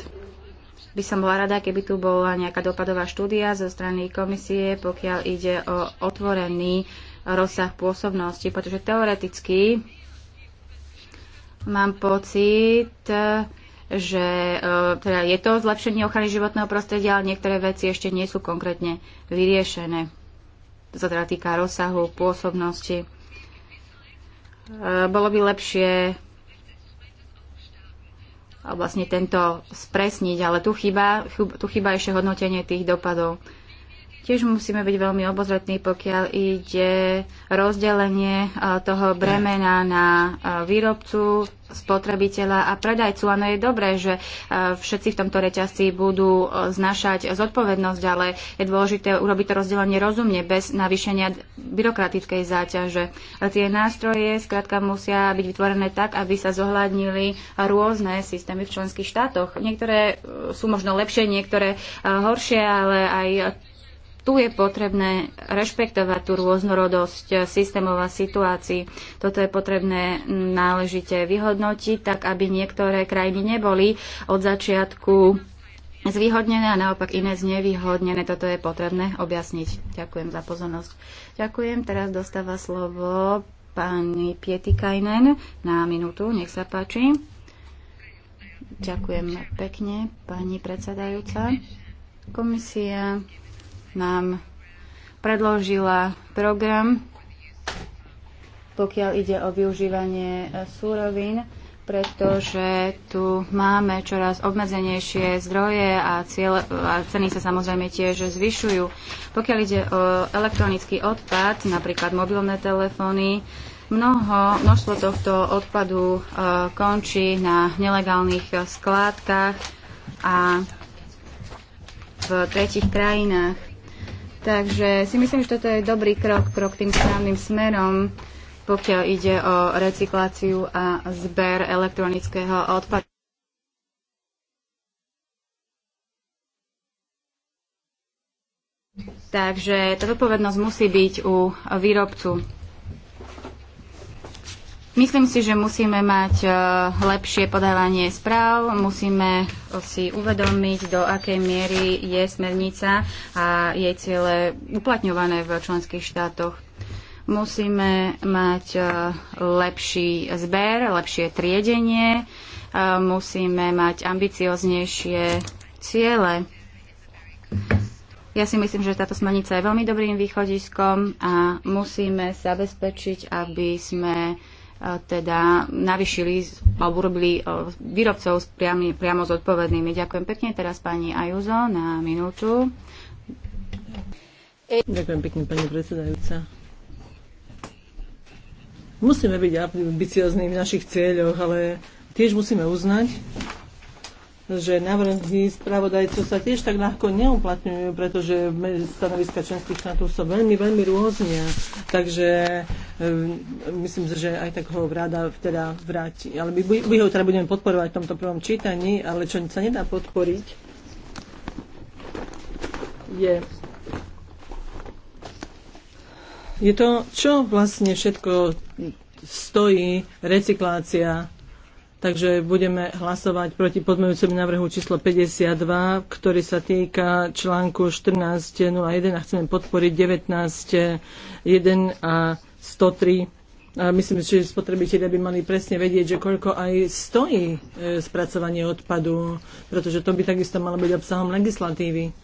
by som bola rada, keby tu bola nejaká dopadová štúdia zo strany komisie, pokiaľ ide o otvorený rozsah pôsobnosti, pretože teoreticky Mám pocit, že e, teda je to zlepšenie ochrany životného prostredia, ale niektoré veci ešte nie sú konkrétne vyriešené. To sa teda týka rozsahu, pôsobnosti. E, bolo by lepšie vlastne tento spresniť, ale tu chýba, tu chýba ešte hodnotenie tých dopadov. Tiež musíme byť veľmi obozretní, pokiaľ ide rozdelenie eh, toho bremena na eh, výrobcu, spotrebiteľa a predajcu. Áno, je dobré, že eh, všetci v tomto reťazci budú znašať zodpovednosť, ale je dôležité urobiť to rozdelenie rozumne, bez navýšenia byrokratickej záťaže. Tie nástroje skrátka musia byť vytvorené tak, aby sa zohľadnili rôzne systémy v členských štátoch. Niektoré sú možno lepšie, niektoré horšie, ale aj tu je potrebné rešpektovať tú rôznorodosť systémov a situácií. Toto je potrebné náležite vyhodnotiť, tak aby niektoré krajiny neboli od začiatku zvýhodnené a naopak iné znevýhodnené. Toto je potrebné objasniť. Ďakujem za pozornosť. Ďakujem. Teraz dostáva slovo pani Pietikainen na minútu. Nech sa páči. Ďakujem pekne, pani predsedajúca. Komisia nám predložila program, pokiaľ ide o využívanie e, súrovín, pretože tu máme čoraz obmedzenejšie zdroje a, cieľ, a ceny sa samozrejme tiež zvyšujú. Pokiaľ ide o elektronický odpad, napríklad mobilné telefóny, mnoho, množstvo tohto odpadu e, končí na nelegálnych e, skládkach a v tretich krajinách. Takže si myslím, že toto je dobrý krok, krok tým správnym smerom, pokiaľ ide o recykláciu a zber elektronického odpadu. Takže tá zodpovednosť musí byť u výrobcu. Myslím si, že musíme mať e, lepšie podávanie správ, musíme si uvedomiť, do akej miery je smernica a jej ciele uplatňované v členských štátoch. Musíme mať e, lepší zber, lepšie triedenie, e, musíme mať ambicioznejšie ciele. Ja si myslím, že táto smernica je veľmi dobrým východiskom a musíme zabezpečiť, aby sme teda navyšili alebo urobili e, výrobcov priami, priamo zodpovednými. Ďakujem pekne. Teraz pani Ajuzo na minútu. Ďakujem pekne, pani predsedajúca. Musíme byť ambiciozní v našich cieľoch, ale tiež musíme uznať, že návrhy spravodajcov sa tiež tak ľahko neuplatňujú, pretože stanoviska členských štátov sú veľmi, veľmi rôzne. Takže e, myslím, že aj tak ho vráda teda vráti. Ale my, my ho teda budeme podporovať v tomto prvom čítaní, ale čo sa nedá podporiť, je je to, čo vlastne všetko stojí recyklácia Takže budeme hlasovať proti podmenujúcemu návrhu číslo 52, ktorý sa týka článku 14.01 a chceme podporiť 19.1 a 103. A myslím, že spotrebitelia by mali presne vedieť, že koľko aj stojí e, spracovanie odpadu, pretože to by takisto malo byť obsahom legislatívy.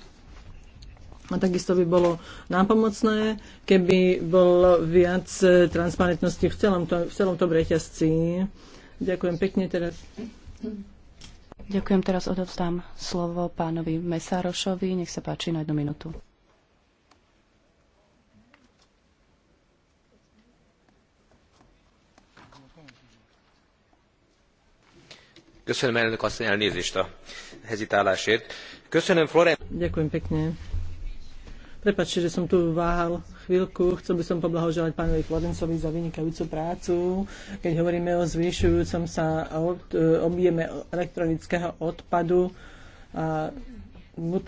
A takisto by bolo nápomocné, keby bolo viac e, transparentnosti v celom, to, v celom tom reťazci Ďakujem pekne teraz. Ďakujem, teraz odovzdám slovo pánovi Mesárošovi. Nech sa páči na jednu minútu. Köszönöm elnök asszony elnézést a hezitálásért. Köszönöm Florent. Ďakujem pekne. Prepačte, že som tu váhal chvíľku. Chcel by som poblahoželať pánovi Florencovi za vynikajúcu prácu. Keď hovoríme o zvyšujúcom sa e, objeme elektronického odpadu, a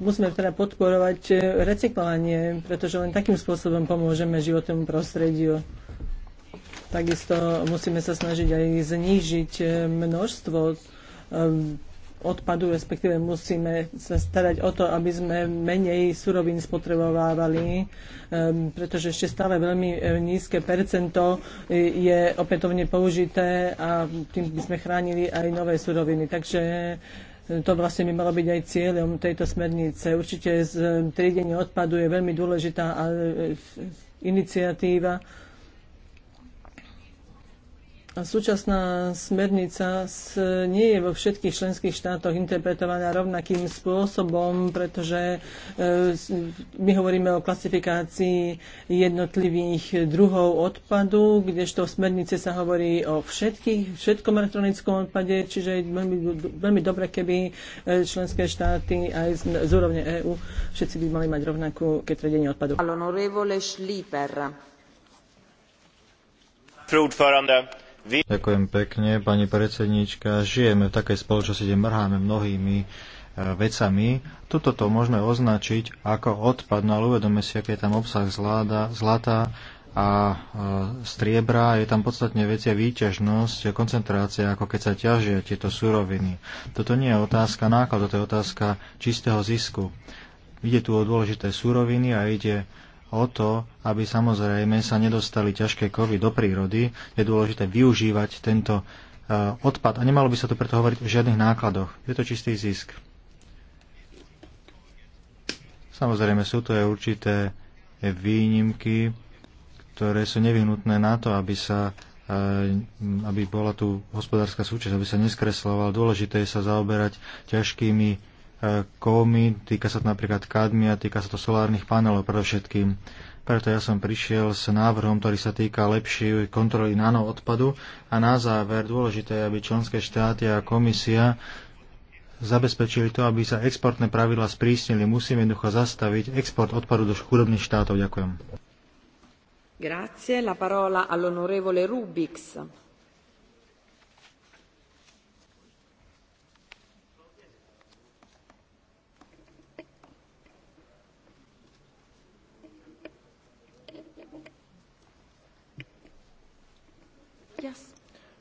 musíme teda podporovať recyklovanie, pretože len takým spôsobom pomôžeme životnému prostrediu. Takisto musíme sa snažiť aj znížiť e, množstvo e, odpadu, respektíve musíme sa starať o to, aby sme menej surovín spotrebovávali, ehm, pretože ešte stále veľmi e, nízke percento e, je opätovne použité a tým by sme chránili aj nové suroviny. Takže e, to vlastne by malo byť aj cieľom tejto smernice. Určite triedenie odpadu je veľmi dôležitá iniciatíva a súčasná smernica nie je vo všetkých členských štátoch interpretovaná rovnakým spôsobom, pretože e, my hovoríme o klasifikácii jednotlivých druhov odpadu, kdežto v smernice sa hovorí o všetkých, všetkom elektronickom odpade, čiže je veľmi, veľmi dobre, keby e, členské štáty aj z, z úrovne EÚ všetci by mali mať rovnakú ke tredenie odpadu. Fru ordförande, Ďakujem pekne, pani predsednička. Žijeme v takej spoločnosti, kde mrháme mnohými e, vecami. Tuto to môžeme označiť ako odpad, no ale uvedome si, aký je tam obsah zláda, zlata a e, striebra. Je tam podstatne väčšia výťažnosť, koncentrácia, ako keď sa ťažia tieto suroviny. Toto nie je otázka nákladu, to je otázka čistého zisku. Ide tu o dôležité suroviny a ide o to, aby samozrejme sa nedostali ťažké kovy do prírody. Je dôležité využívať tento e, odpad a nemalo by sa tu preto hovoriť o žiadnych nákladoch. Je to čistý zisk. Samozrejme sú to aj určité výnimky, ktoré sú nevyhnutné na to, aby sa e, aby bola tu hospodárska súčasť, aby sa neskresloval. Dôležité je sa zaoberať ťažkými komy, týka sa to napríklad kadmia, týka sa to solárnych panelov predovšetkým. Preto ja som prišiel s návrhom, ktorý sa týka lepšej kontroly nanoodpadu a na záver dôležité je, aby členské štáty a komisia zabezpečili to, aby sa exportné pravidla sprísnili. Musíme jednoducho zastaviť export odpadu do chudobných štátov. Ďakujem. Grazie, la parola all'onorevole Rubix.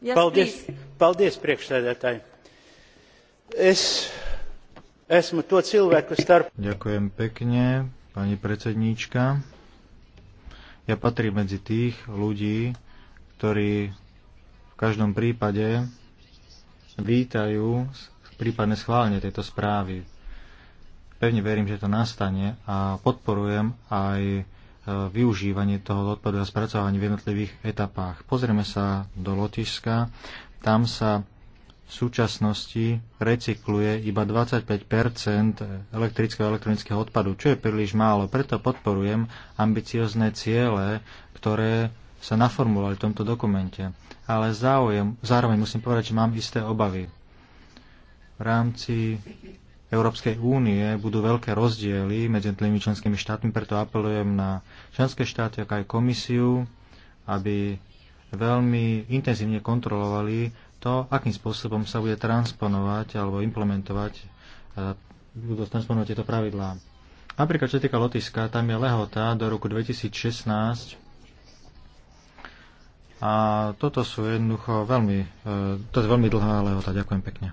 Es esmu to cilvēku starp. Ďakujem pekne, pani predsedníčka. Ja patrím medzi tých ľudí, ktorí v každom prípade vítajú prípadne schválenie tejto správy. Pevne verím, že to nastane a podporujem aj E, využívanie toho odpadu a spracovanie v jednotlivých etapách. Pozrieme sa do Lotyšska. Tam sa v súčasnosti recykluje iba 25 elektrického a elektronického odpadu, čo je príliš málo. Preto podporujem ambiciozne ciele, ktoré sa naformulovali v tomto dokumente. Ale záujem, zároveň musím povedať, že mám isté obavy. V rámci Európskej únie budú veľké rozdiely medzi tými členskými štátmi, preto apelujem na členské štáty, ako aj komisiu, aby veľmi intenzívne kontrolovali to, akým spôsobom sa bude transponovať alebo implementovať, budú transponovať tieto pravidlá. Napríklad, čo týka Lotiska, tam je lehota do roku 2016 a toto sú jednoducho veľmi, e, to je veľmi dlhá lehota. Ďakujem pekne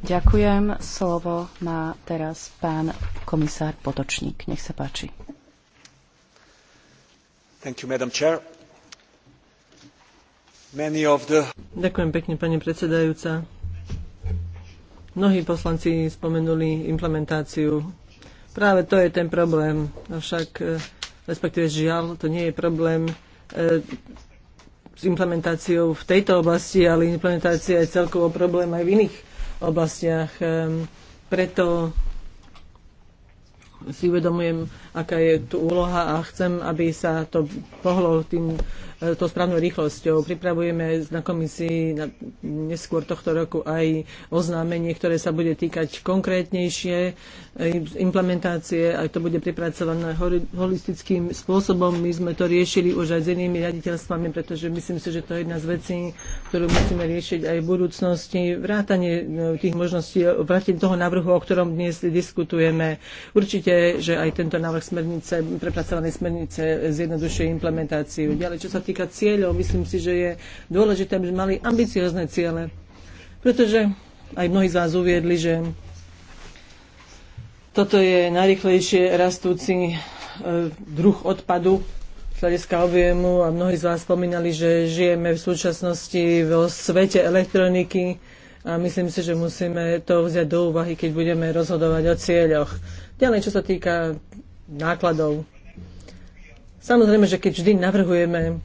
Ďakujem. Slovo má teraz pán komisár Potočník. Nech sa páči. You, the... Ďakujem pekne, pani predsedajúca. Mnohí poslanci spomenuli implementáciu. Práve to je ten problém. Avšak, eh, respektíve žiaľ, to nie je problém eh, s implementáciou v tejto oblasti, ale implementácia je celkovo problém aj v iných oblastiach. Ehm, preto si uvedomujem, aká je tu úloha a chcem, aby sa to pohlo tým E, tou správnou rýchlosťou. Pripravujeme na komisii na, neskôr tohto roku aj oznámenie, ktoré sa bude týkať konkrétnejšie e, implementácie a to bude pripracované holistickým spôsobom. My sme to riešili už aj s inými riaditeľstvami, pretože myslím si, že to je jedna z vecí, ktorú musíme riešiť aj v budúcnosti. Vrátanie e, tých možností, vrátanie toho návrhu, o ktorom dnes diskutujeme. Určite, že aj tento návrh smernice, prepracovanej smernice zjednodušuje implementáciu. Ďalej, čo sa týka týka cieľov, myslím si, že je dôležité, aby sme mali ambiciozne ciele. Pretože aj mnohí z vás uviedli, že toto je najrychlejšie rastúci e, druh odpadu z hľadiska objemu a mnohí z vás spomínali, že žijeme v súčasnosti vo svete elektroniky a myslím si, že musíme to vziať do úvahy, keď budeme rozhodovať o cieľoch. Ďalej, čo sa týka nákladov. Samozrejme, že keď vždy navrhujeme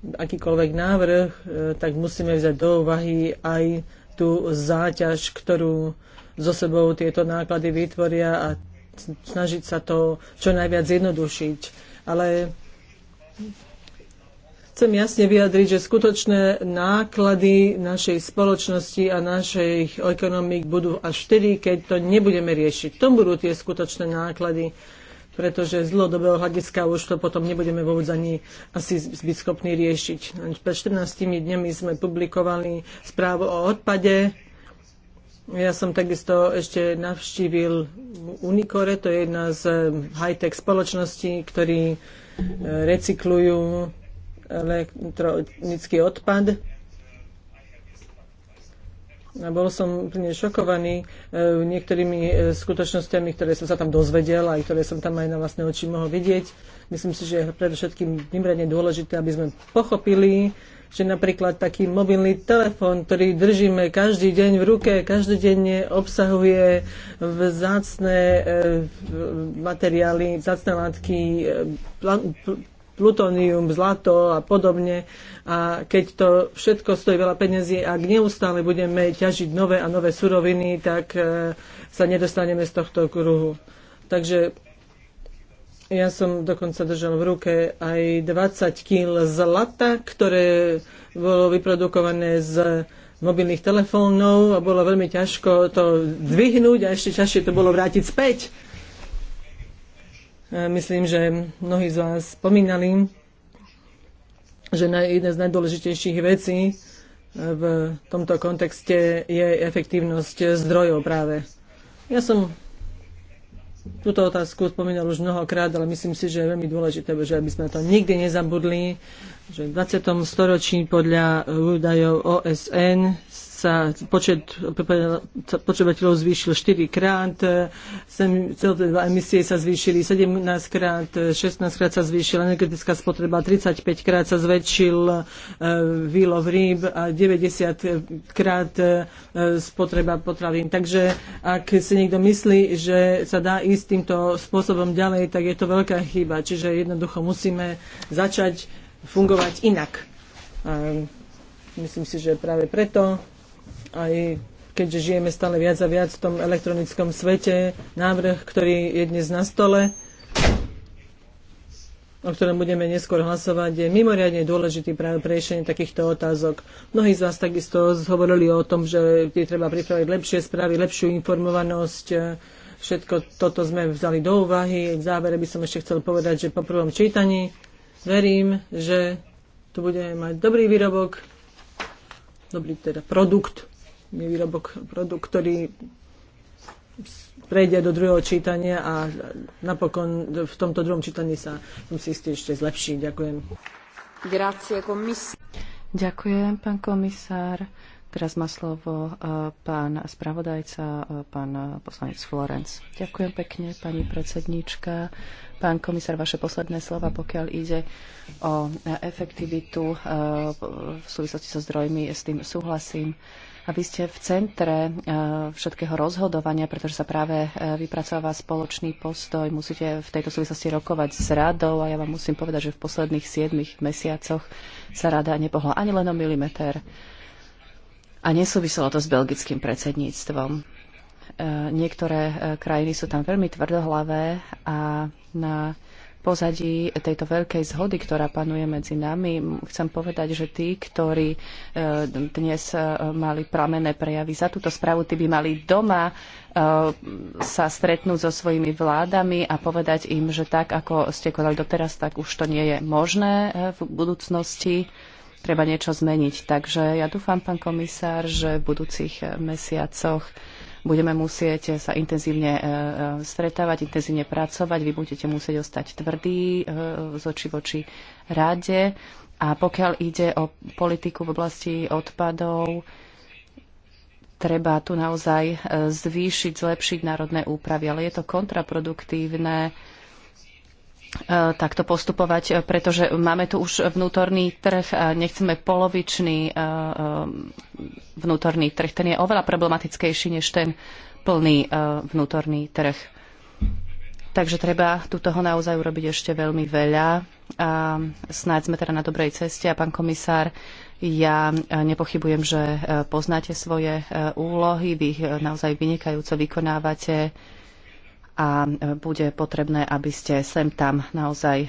akýkoľvek návrh, e, tak musíme vziať do úvahy aj tú záťaž, ktorú zo sebou tieto náklady vytvoria a snažiť sa to čo najviac zjednodušiť. Ale chcem jasne vyjadriť, že skutočné náklady našej spoločnosti a našej ekonomik budú až vtedy, keď to nebudeme riešiť. To budú tie skutočné náklady pretože z dlhodobého hľadiska už to potom nebudeme vôbec ani asi byť schopní riešiť. Pred 14 dňami sme publikovali správu o odpade. Ja som takisto ešte navštívil Unicore, to je jedna z eh, high-tech spoločností, ktorí eh, recyklujú elektronický odpad bol som úplne šokovaný e, niektorými e, skutočnosťami, ktoré som sa tam dozvedel a ktoré som tam aj na vlastné oči mohol vidieť. Myslím si, že je predovšetkým mimoriadne dôležité, aby sme pochopili, že napríklad taký mobilný telefón, ktorý držíme každý deň v ruke, každodenne obsahuje vzácne e, materiály, vzácne látky, plutónium, zlato a podobne. A keď to všetko stojí veľa peniazy, ak neustále budeme ťažiť nové a nové suroviny, tak e, sa nedostaneme z tohto kruhu. Takže ja som dokonca držal v ruke aj 20 kg zlata, ktoré bolo vyprodukované z mobilných telefónov a bolo veľmi ťažko to dvihnúť, a ešte ťažšie to bolo vrátiť späť. E, myslím, že mnohí z vás spomínali, že jedna z najdôležitejších vecí e, v tomto kontexte je efektívnosť zdrojov práve. Ja som túto otázku spomínal už mnohokrát, ale myslím si, že je veľmi dôležité, že aby sme to nikdy nezabudli, že v 20. storočí podľa údajov OSN sa počet počívateľov zvýšil 4 krát, CO2 emisie sa zvýšili 17 krát, 16 krát sa zvýšila energetická spotreba, 35 krát sa zväčšil e, výlov rýb a 90 krát e, spotreba potravín. Takže ak si niekto myslí, že sa dá ísť týmto spôsobom ďalej, tak je to veľká chyba. Čiže jednoducho musíme začať fungovať inak. myslím si, že práve preto aj keďže žijeme stále viac a viac v tom elektronickom svete, návrh, ktorý je dnes na stole, o ktorom budeme neskôr hlasovať, je mimoriadne dôležitý práve pre riešenie takýchto otázok. Mnohí z vás takisto hovorili o tom, že je treba pripraviť lepšie správy, lepšiu informovanosť. Všetko toto sme vzali do úvahy. V závere by som ešte chcel povedať, že po prvom čítaní verím, že tu budeme mať dobrý výrobok, dobrý teda produkt, výrobok, produkt, ktorý prejde do druhého čítania a napokon v tomto druhom čítaní sa musí ešte zlepšiť. Ďakujem. Grazie, Ďakujem, pán komisár. Teraz má slovo e, pán spravodajca, e, pán poslanec Florenc. Ďakujem pekne, pani predsedníčka. Pán komisár, vaše posledné slova, pokiaľ ide o e, efektivitu v súvislosti so zdrojmi, s tým súhlasím a vy ste v centre eh, všetkého rozhodovania, pretože sa práve eh, vypracováva spoločný postoj. Musíte v tejto súvislosti rokovať s radou a ja vám musím povedať, že v posledných 7 mesiacoch sa rada nepohla ani len o milimeter. A nesúviselo to s belgickým predsedníctvom. Eh, niektoré krajiny sú tam veľmi tvrdohlavé a na pozadí tejto veľkej zhody, ktorá panuje medzi nami, chcem povedať, že tí, ktorí e, dnes e, mali plamené prejavy za túto správu, tí by mali doma e, sa stretnúť so svojimi vládami a povedať im, že tak, ako ste konali doteraz, tak už to nie je možné v budúcnosti. Treba niečo zmeniť. Takže ja dúfam, pán komisár, že v budúcich mesiacoch budeme musieť sa intenzívne e, e, stretávať, intenzívne pracovať, vy budete musieť ostať tvrdí e, z oči voči rade. A pokiaľ ide o politiku v oblasti odpadov, treba tu naozaj zvýšiť, zlepšiť národné úpravy, ale je to kontraproduktívne E, takto postupovať, e, pretože máme tu už vnútorný trh a nechceme polovičný e, vnútorný trh. Ten je oveľa problematickejší než ten plný vnútorný trh. Takže treba tu toho naozaj urobiť ešte veľmi veľa. A snáď sme teda na dobrej ceste a pán komisár, ja nepochybujem, že poznáte svoje úlohy, vy ich naozaj vynikajúco vykonávate a e, bude potrebné, aby ste sem tam naozaj e,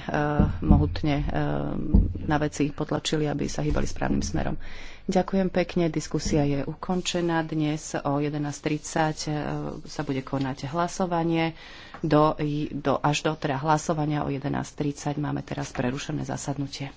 mohutne e, na veci potlačili, aby sa hýbali správnym smerom. Ďakujem pekne, diskusia je ukončená. Dnes o 11.30 sa bude konať hlasovanie. Do, do, až do teda hlasovania o 11.30 máme teraz prerušené zasadnutie.